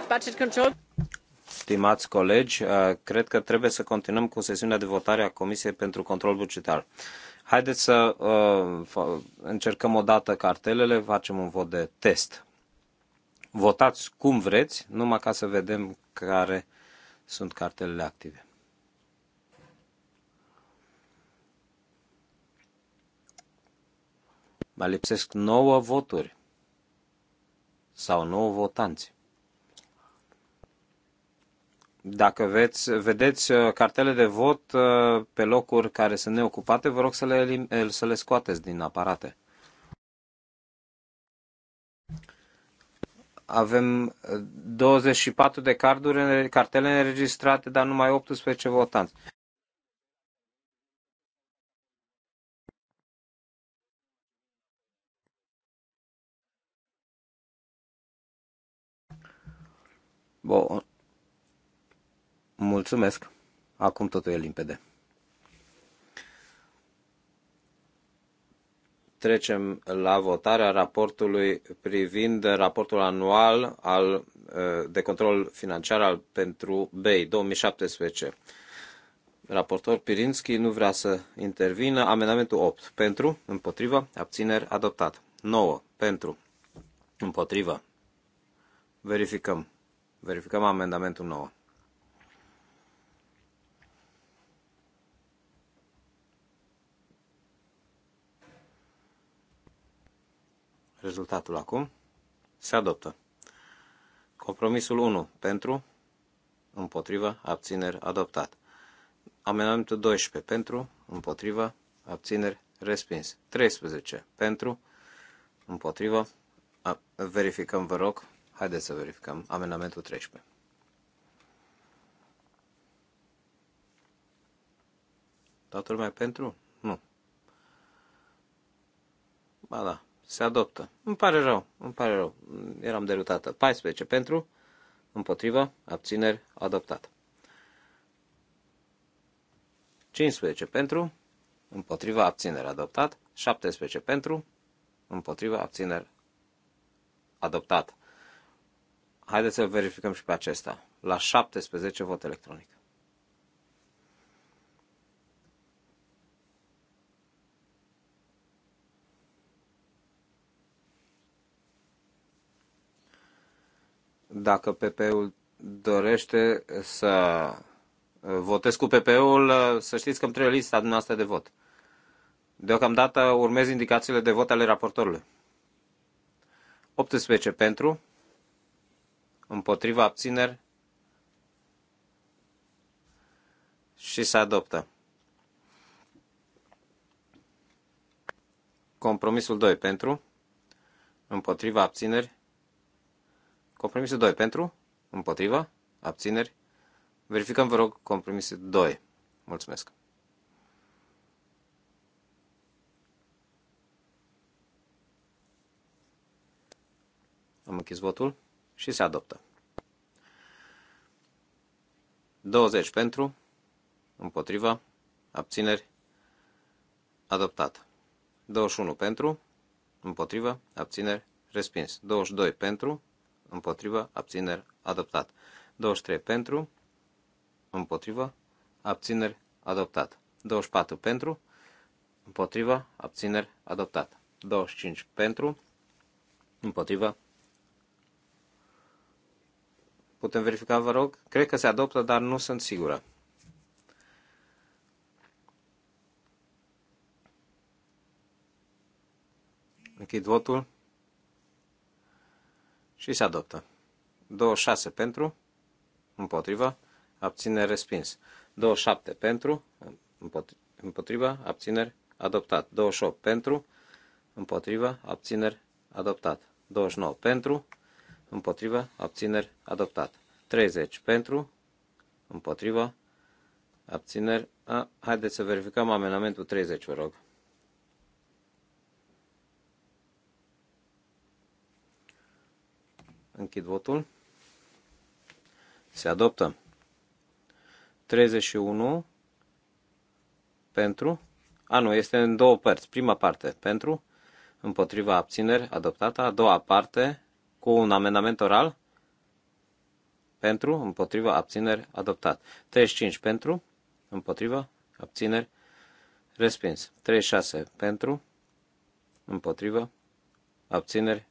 budget control. Stimați colegi, uh, cred că trebuie să continuăm cu sesiunea de votare a Comisiei pentru Control Bugetar. Haideți să uh, încercăm o dată cartelele, facem un vot de test. Votați cum vreți, numai ca să vedem care sunt cartelele active. Mai lipsesc 9 voturi sau 9 votanți. Dacă veți, vedeți uh, cartele de vot uh, pe locuri care sunt neocupate, vă rog să le, eh, să le scoateți din aparate. Avem 24 uh, de carduri, eh, cartele înregistrate, dar numai 18 votanți. Bun. Mulțumesc. Acum totul e limpede. Trecem la votarea raportului privind raportul anual al, eh, de control financiar al, pentru BEI 2017. Raportor Pirinski nu vrea să intervină. Amendamentul 8. Pentru, împotrivă, abțineri, adoptat. 9. Pentru, împotrivă. Verificăm. Verificăm amendamentul 9. Rezultatul acum se adoptă. Compromisul 1 pentru, împotrivă, abțineri, adoptat. Amendamentul 12 pentru, împotrivă, abțineri, respins. 13 pentru, împotrivă, verificăm, vă rog, Haideți să verificăm. Amendamentul 13. Toată lumea pentru? Nu. Ba da, se adoptă. Îmi pare rău, îmi pare rău. Eram derutată. 14 pentru, împotrivă, abțineri, adoptat. 15 pentru, împotrivă, abțineri, adoptat. 17 pentru, împotrivă, abțineri, adoptat. Haideți să verificăm și pe acesta. La 17 vot electronic. Dacă PP-ul dorește să votez cu PP-ul, să știți că îmi trebuie lista dumneavoastră de vot. Deocamdată urmez indicațiile de vot ale raportorului. 18 pentru, împotriva abțineri și se adoptă. Compromisul 2 pentru, împotriva abțineri. Compromisul 2 pentru, împotriva abțineri. Verificăm, vă rog, compromisul 2. Mulțumesc. Am închis votul și se adoptă. 20 pentru, împotriva, abțineri, adoptat. 21 pentru, împotriva, abțineri, respins. 22 pentru, împotriva, abțineri, adoptat. 23 pentru, împotriva, abțineri, adoptat. 24 pentru, împotriva, abțineri, adoptat. 25 pentru, împotriva, Putem verifica, vă rog? Cred că se adoptă, dar nu sunt sigură. Închid votul și se adoptă. 26 pentru, împotriva, abțineri respins. 27 pentru, împotriva, abțineri adoptat. 28 pentru, împotriva, abțineri adoptat. 29 pentru, împotrivă, abțineri, adoptat. 30 pentru, împotrivă, abțineri. A, haideți să verificăm amenamentul 30, vă rog. Închid votul. Se adoptă. 31 pentru. A, nu, este în două părți. Prima parte pentru, împotriva abțineri, adoptată. A doua parte cu un amendament oral pentru, împotriva, abțineri, adoptat. 35 pentru, împotriva, abțineri, respins. 36 pentru, împotriva, abțineri,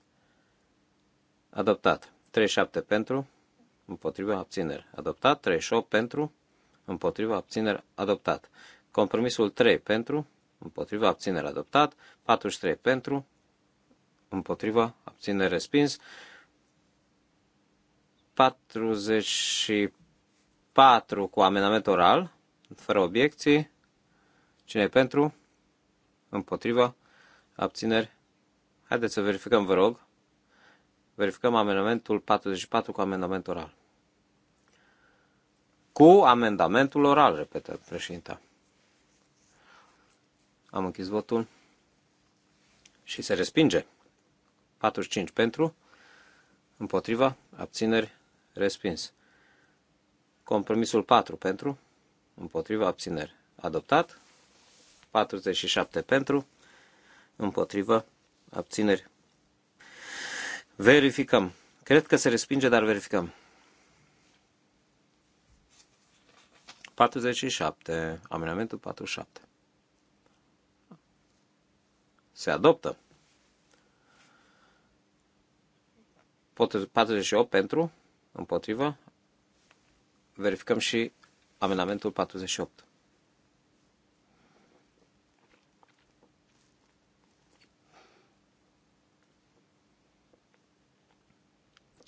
adoptat. 37 pentru, împotriva, abțineri, adoptat. 38 pentru, împotriva, abțineri, adoptat. Compromisul 3 pentru, împotriva, abțineri, adoptat. 43 pentru, împotriva, abține respins. 44 cu amendament oral, fără obiecții. Cine e pentru? Împotriva, abțineri. Haideți să verificăm, vă rog. Verificăm amendamentul 44 cu amendament oral. Cu amendamentul oral, repetă președinta. Am închis votul și se respinge. 45 pentru, împotriva, abțineri, respins. Compromisul 4 pentru, împotriva, abțineri, adoptat. 47 pentru, împotriva, abțineri. Verificăm. Cred că se respinge, dar verificăm. 47, amendamentul 47. Se adoptă. 48 pentru, împotrivă. Verificăm și amendamentul 48.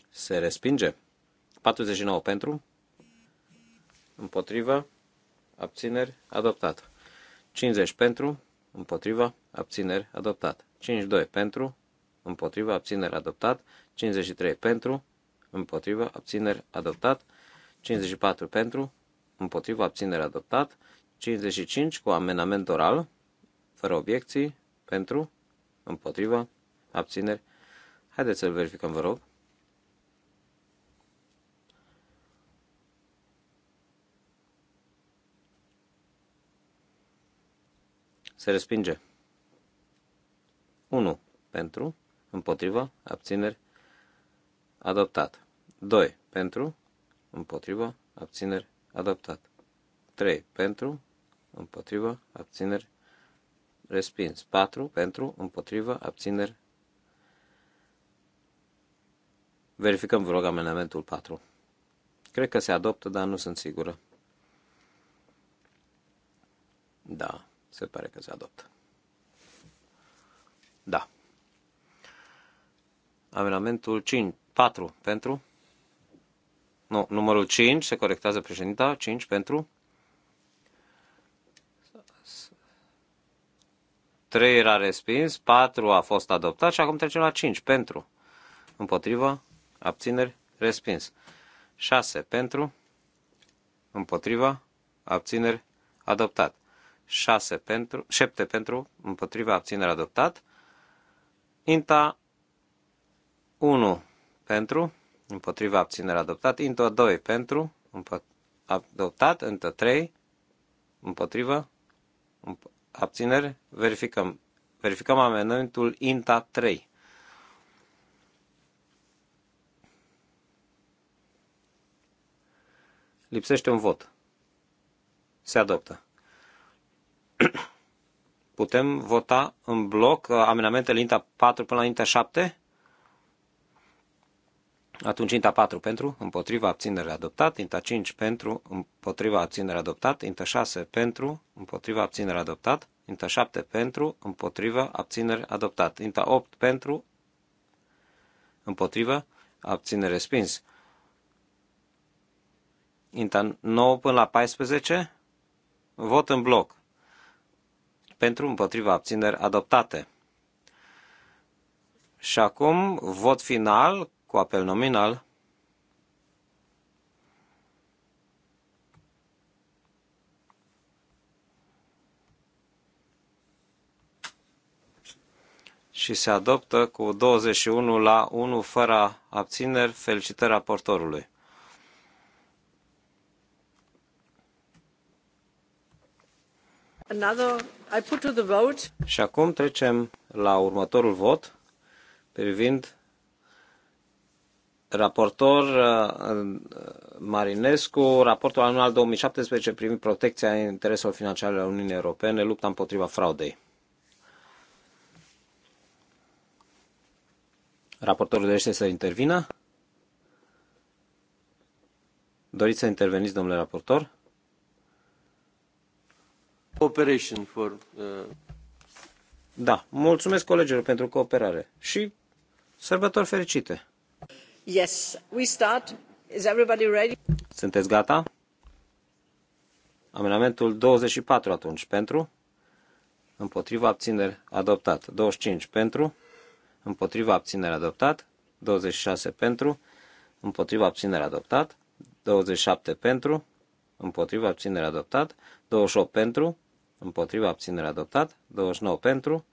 Se respinge. 49 pentru, împotrivă, abțineri, adoptat. 50 pentru, împotrivă, abțineri, adoptat. 52 pentru, împotriva, abțineri, adoptat. 53 pentru, împotriva, abțineri, adoptat. 54 pentru, împotriva, abțineri, adoptat. 55 cu amenament oral, fără obiecții, pentru, împotriva, abțineri. Haideți să-l verificăm, vă rog. Se respinge. 1 pentru, împotrivă, abțineri, adoptat. 2. Pentru, împotrivă, abțineri, adoptat. 3. Pentru, împotrivă, abțineri, respins. 4. Pentru, împotrivă, abțineri. Verificăm, vă rog, amendamentul 4. Cred că se adoptă, dar nu sunt sigură. Da, se pare că se adoptă. Da. Amendamentul 5, 4 pentru. Nu, numărul 5, se corectează președinta, 5 pentru. 3 era respins, 4 a fost adoptat și acum trecem la 5 pentru. Împotrivă, abțineri, respins. 6 pentru, Împotrivă, abțineri, adoptat. 6 pentru, 7 pentru, împotrivă, abțineri, adoptat. Inta 1 pentru, împotriva abținerea adoptat, into 2 pentru, adoptat, into 3 împotriva abținere, verificăm. Verificăm amendamentul INTA 3. Lipsește un vot. Se adoptă. Putem vota în bloc uh, amendamentele INTA 4 până la INTA 7? Atunci INTA 4 pentru, împotriva abținere adoptat, INTA 5 pentru, împotriva abținere adoptat, INTA 6 pentru, împotriva abținere adoptat, INTA 7 pentru, împotriva abținere adoptat, INTA 8 pentru, împotriva abținere respins. INTA 9 până la 14, vot în bloc pentru împotriva abțineri adoptate. Și acum vot final cu apel nominal. și se adoptă cu 21 la 1 fără abțineri. Felicitări raportorului. Another, I put to the vote. Și acum trecem la următorul vot privind raportor uh, uh, Marinescu, raportul anual 2017 privind protecția intereselor financiare ale Uniunii Europene, lupta împotriva fraudei. Raportorul dorește să intervină? Doriți să interveniți, domnule raportor? Operation for... Uh... Da, mulțumesc colegilor pentru cooperare și sărbători fericite! Yes, we start. Is everybody ready? Sunteți gata? Amendamentul 24 atunci pentru, împotriva abțineri adoptat. 25 pentru, împotriva abțineri adoptat. 26 pentru, împotriva abțineri adoptat. 27 pentru, împotriva abținere adoptat, 28 pentru, împotriva abținere adoptat, 29 pentru,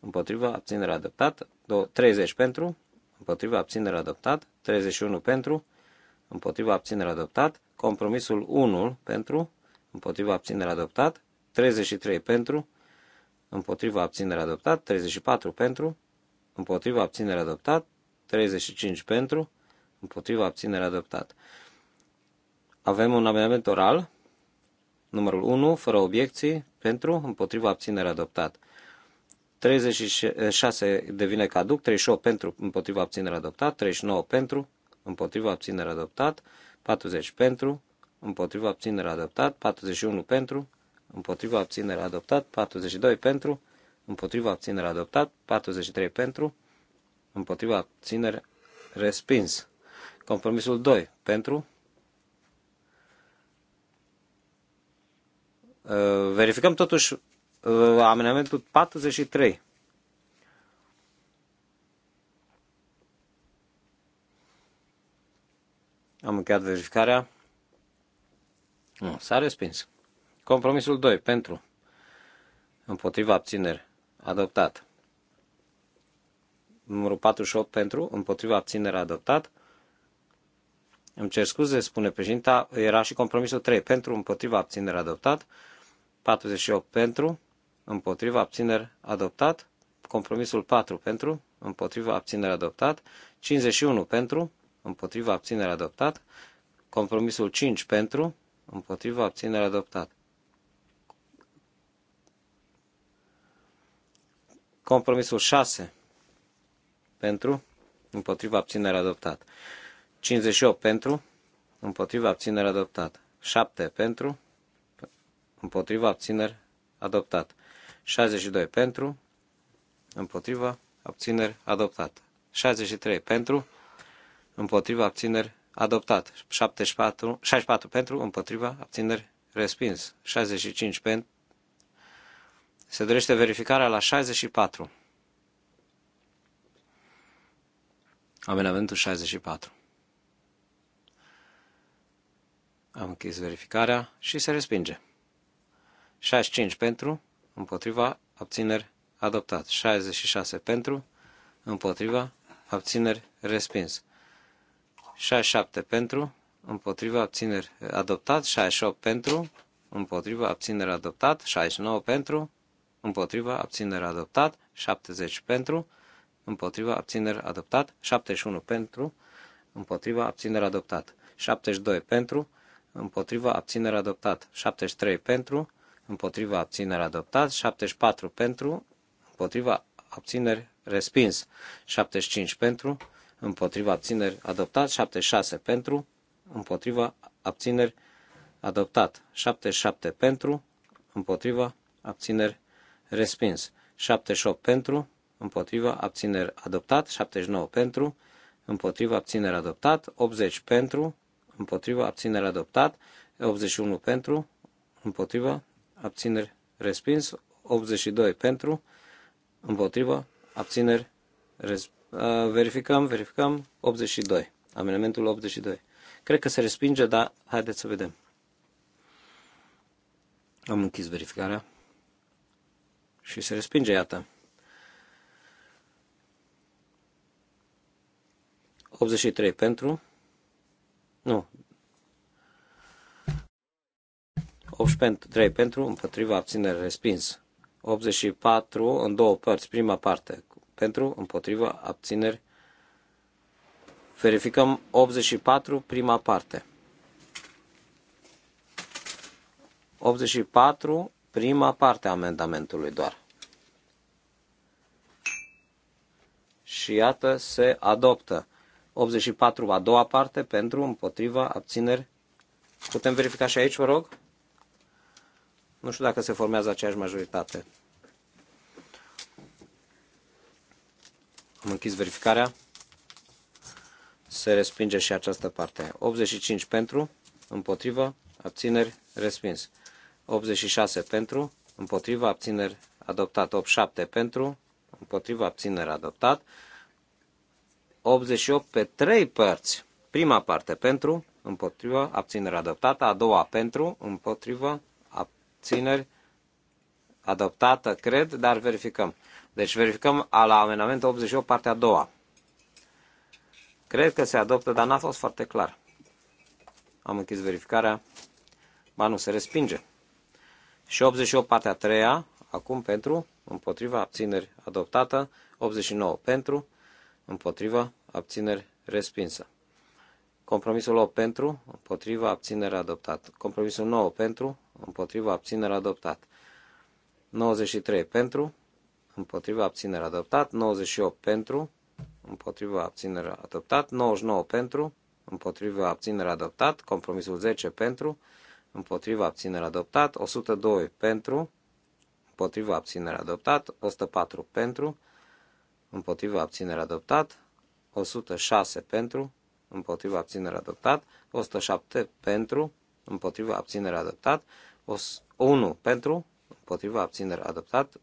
împotriva abținere adoptat, 30 pentru, împotriva abținere adoptat, 31 pentru, împotriva abținere adoptat, compromisul 1 pentru, împotriva abținere adoptat, 33 pentru, împotriva abținere adoptat, 34 pentru, împotriva abținere adoptat, 35 pentru, împotriva abținere adoptat. Avem un amendament oral, numărul 1, fără obiecții, pentru, împotriva abținerea adoptat. 36 devine caduc, 38 pentru, împotriva abținere adoptat, 39 pentru, împotriva abținere adoptat, 40 pentru, împotriva abținere adoptat, 41 pentru, împotriva abținere adoptat, 42 pentru, împotriva abținere adoptat, 43 pentru, împotriva abținere respins. Compromisul 2 pentru, uh, verificăm totuși Uh, amendamentul 43. Am încheiat verificarea. Nu, s-a respins. Compromisul 2. Pentru. Împotriva abțineri. Adoptat. Numărul 48 pentru. Împotriva abținere adoptat. Îmi cer scuze, spune președinta, era și compromisul 3 pentru, împotriva abținere adoptat, 48 pentru, împotriva abțineri adoptat, compromisul 4 pentru, împotriva abțineri adoptat, 51 pentru, împotriva abțineri adoptat, compromisul 5 pentru, împotriva abțineri adoptat. Compromisul 6 pentru, împotriva abțineri adoptat. 58 pentru, împotriva abțineri adoptat. 7 pentru, împotriva abțineri adoptat. 62 pentru, împotriva, abțineri, adoptat. 63 pentru, împotriva, abțineri, adoptat. 74, 64 pentru, împotriva, abțineri, respins. 65 pentru, se dorește verificarea la 64. Amenamentul 64. Am închis verificarea și se respinge. 65 pentru, împotriva, abțineri, adoptat. 66 pentru, împotriva, abțineri, respins. 67 pentru, împotriva, abțineri, adoptat. 68 pentru, împotriva, abțineri, adoptat. 69 pentru, împotriva, abțineri, adoptat. 70 pentru, împotriva, abțineri, adoptat. 71 pentru, împotriva, abțineri, adoptat. 72 pentru, împotriva, abțineri, adoptat. 73 pentru, împotriva abțineri adoptat, 74 pentru, împotriva abțineri respins, 75 pentru, împotriva abțineri adoptat, 76 pentru, împotriva abțineri adoptat, 77 pentru, împotriva abțineri respins, 78 pentru, împotriva abțineri adoptat, 79 pentru, împotriva abțineri adoptat, 80 pentru, împotriva abțineri adoptat, 81 pentru, împotriva abțineri, respins. 82 pentru, împotrivă, abțineri, respins. Verificăm, verificăm. 82. Amendamentul 82. Cred că se respinge, dar haideți să vedem. Am închis verificarea. Și se respinge, iată. 83 pentru. Nu, 83 pentru, împotriva abținere respins. 84 în două părți, prima parte, pentru, împotriva abțineri. Verificăm 84, prima parte. 84, prima parte a amendamentului doar. Și iată, se adoptă. 84, a doua parte, pentru, împotriva, abțineri. Putem verifica și aici, vă rog? Nu știu dacă se formează aceeași majoritate. Am închis verificarea. Se respinge și această parte. 85 pentru, împotrivă, abțineri, respins. 86 pentru, împotrivă, abțineri, adoptat. 87 pentru, împotrivă, abțineri, adoptat. 88 pe 3 părți. Prima parte pentru, împotrivă, abținere adoptată. A doua pentru, împotrivă, abțineri, adoptată, cred, dar verificăm. Deci verificăm la amendamentul 88, partea a doua. Cred că se adoptă, dar n-a fost foarte clar. Am închis verificarea. Ba nu, se respinge. Și 88, partea a treia, acum pentru, împotriva, abțineri, adoptată. 89 pentru, împotriva, abțineri, respinsă. Compromisul 8 pentru, împotriva, abținere adoptat. Compromisul 9 pentru, împotriva abținere adoptat. 93 pentru, împotriva abținere adoptat, 98 pentru, împotriva abținere adoptat, 99 pentru, împotriva abținere adoptat, compromisul 10 pentru, împotriva abținere adoptat, 102 pentru, împotriva abținere adoptat, 104 pentru, împotriva abținere adoptat, 106 pentru, împotriva abținere adoptat, 107 pentru, împotriva abținere adoptat, 1 pentru, împotriva abținere adoptat,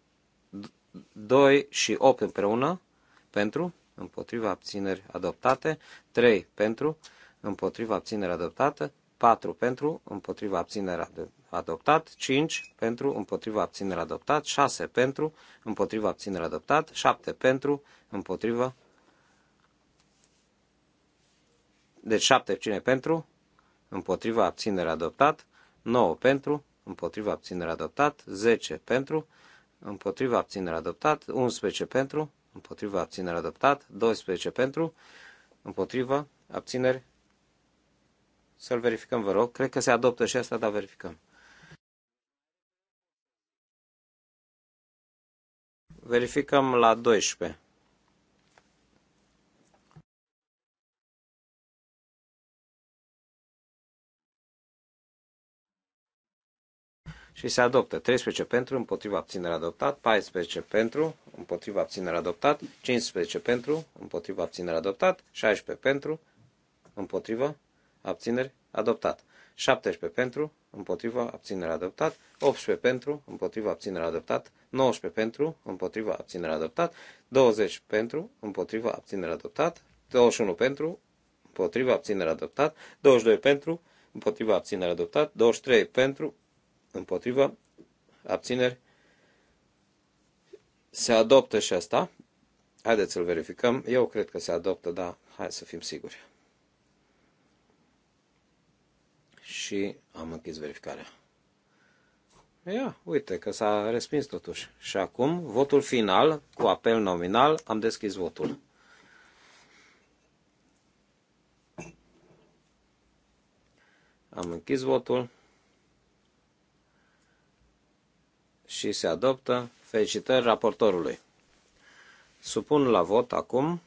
2 și 8 împreună, pentru, împotriva abțineri adoptate, 3 pentru, împotriva abținere adoptată, 4 pentru, împotriva abținere adoptat, 5 pentru, împotriva abținere adoptat, 6 pentru, împotriva abținere adoptat, 7 pentru, împotriva. Deci 7 cine pentru, împotriva abținere adoptat, 9 pentru, împotriva abținere adoptat, 10 pentru, împotriva abținere adoptat, 11 pentru, împotriva abținere adoptat, 12 pentru, împotriva abțineri. Să-l verificăm, vă rog. Cred că se adoptă și asta, dar verificăm. Verificăm la 12. și se adoptă. 13 pentru, împotriva abținerea adoptat, 14 pentru, împotriva abținerea adoptat, 15 pentru, împotriva abținerea adoptat, 16 pentru, împotriva abțineri adoptat, 17 pentru, împotriva abținerea adoptat, 18 pentru, împotriva abținerea adoptat, 19 pentru, împotriva abținerea adoptat, 20 pentru, împotriva abținerea adoptat, 21 pentru, împotriva abținerea adoptat, 22 pentru, împotriva abținerea adoptat, 23 pentru, împotrivă, abțineri, se adoptă și asta. Haideți să-l verificăm. Eu cred că se adoptă, dar hai să fim siguri. Și am închis verificarea. Ia, uite că s-a respins totuși. Și acum, votul final, cu apel nominal, am deschis votul. Am închis votul. și se adoptă. Felicitări raportorului. Supun la vot acum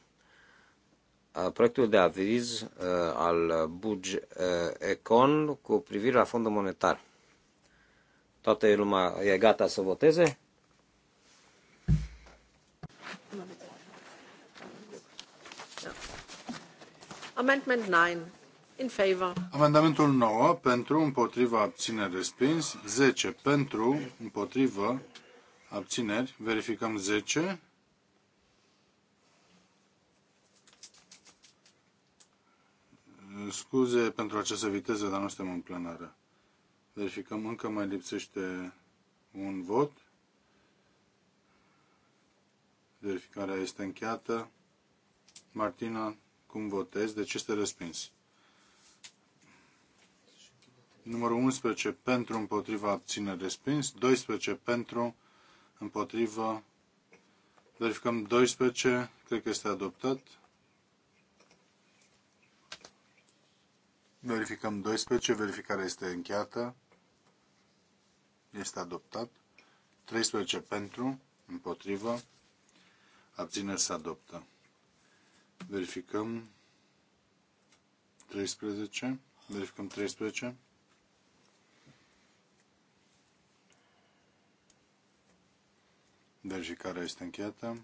uh, proiectul de aviz uh, al Buge uh, Econ cu privire la fondul monetar. Toată lumea e gata să voteze? Amendment 9 in favor. Amendamentul 9 pentru, împotriva, abțineri, respins. 10 pentru, împotriva, abțineri. Verificăm 10. Scuze pentru această viteză, dar nu suntem în plenară. Verificăm, încă mai lipsește un vot. Verificarea este încheiată. Martina, cum votezi? Deci este respins. Numărul 11 pentru, împotriva, abține respins. 12 pentru, împotriva, verificăm 12, cred că este adoptat. Verificăm 12, verificarea este încheiată. Este adoptat. 13 pentru, împotrivă, abțineri se adoptă. Verificăm 13, verificăm 13. Verji care este încheiată.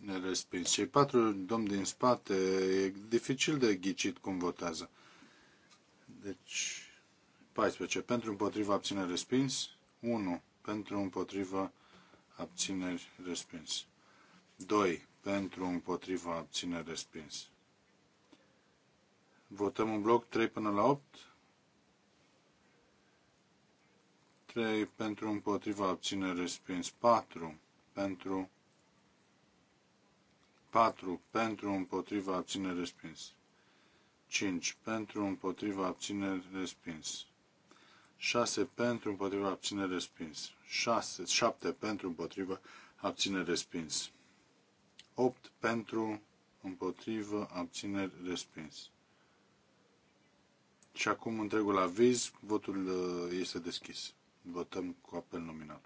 Ne respins. Cei patru domni din spate, e dificil de ghicit cum votează. Deci, 14. Pentru împotriva abțineri respins. 1. Pentru împotriva abțineri respins. 2. Pentru împotriva abțineri respins. Votăm un bloc 3 până la 8. 3 pentru împotriva abține respins. 4 pentru 4 pentru împotriva abține respins. 5 pentru împotriva abține respins. 6 pentru împotriva abține respins. 6, 7 pentru împotriva abține respins. 8 pentru împotriva abține respins. Și acum întregul aviz, votul uh, este deschis. Votăm cu apel nominal.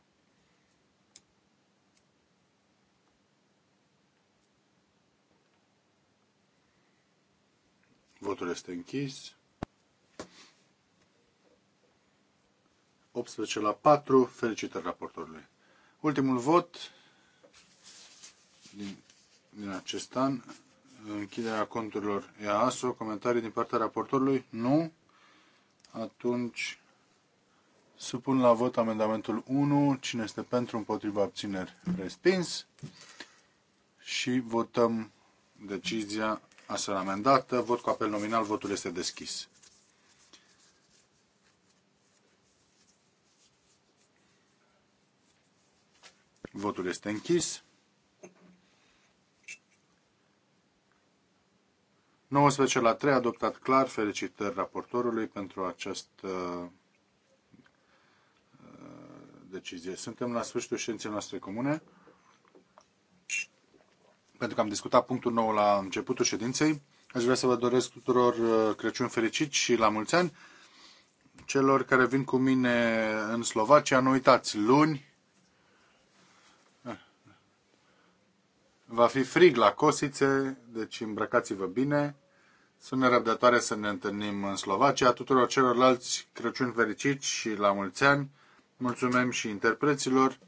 Votul este închis. 18 la 4. Felicitări raportorului. Ultimul vot din, din acest an. Închiderea conturilor EASO. Comentarii din partea raportorului? Nu. Atunci supun la vot amendamentul 1. Cine este pentru, împotriva, abțineri, respins. Și votăm decizia astfel amendată. Vot cu apel nominal. Votul este deschis. Votul este închis. 19 la 3 adoptat clar. Felicitări raportorului pentru această uh, decizie. Suntem la sfârșitul ședinței noastre comune. Pentru că am discutat punctul nou la începutul ședinței, aș vrea să vă doresc tuturor uh, Crăciun fericit și la mulți ani. Celor care vin cu mine în Slovacia, nu uitați, luni Va fi frig la Cosițe, deci îmbrăcați-vă bine. Sunt nerăbdătoare să ne întâlnim în Slovacia. Tuturor celorlalți Crăciun fericit și la mulți ani. Mulțumim și interpreților.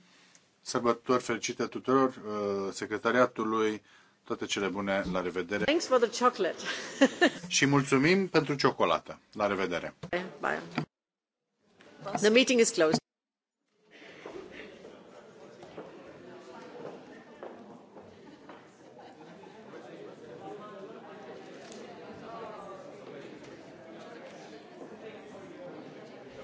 Sărbători fericite tuturor, uh, secretariatului, toate cele bune, la revedere. Thanks for the chocolate. și mulțumim pentru ciocolată. La revedere. Bye. The meeting is closed.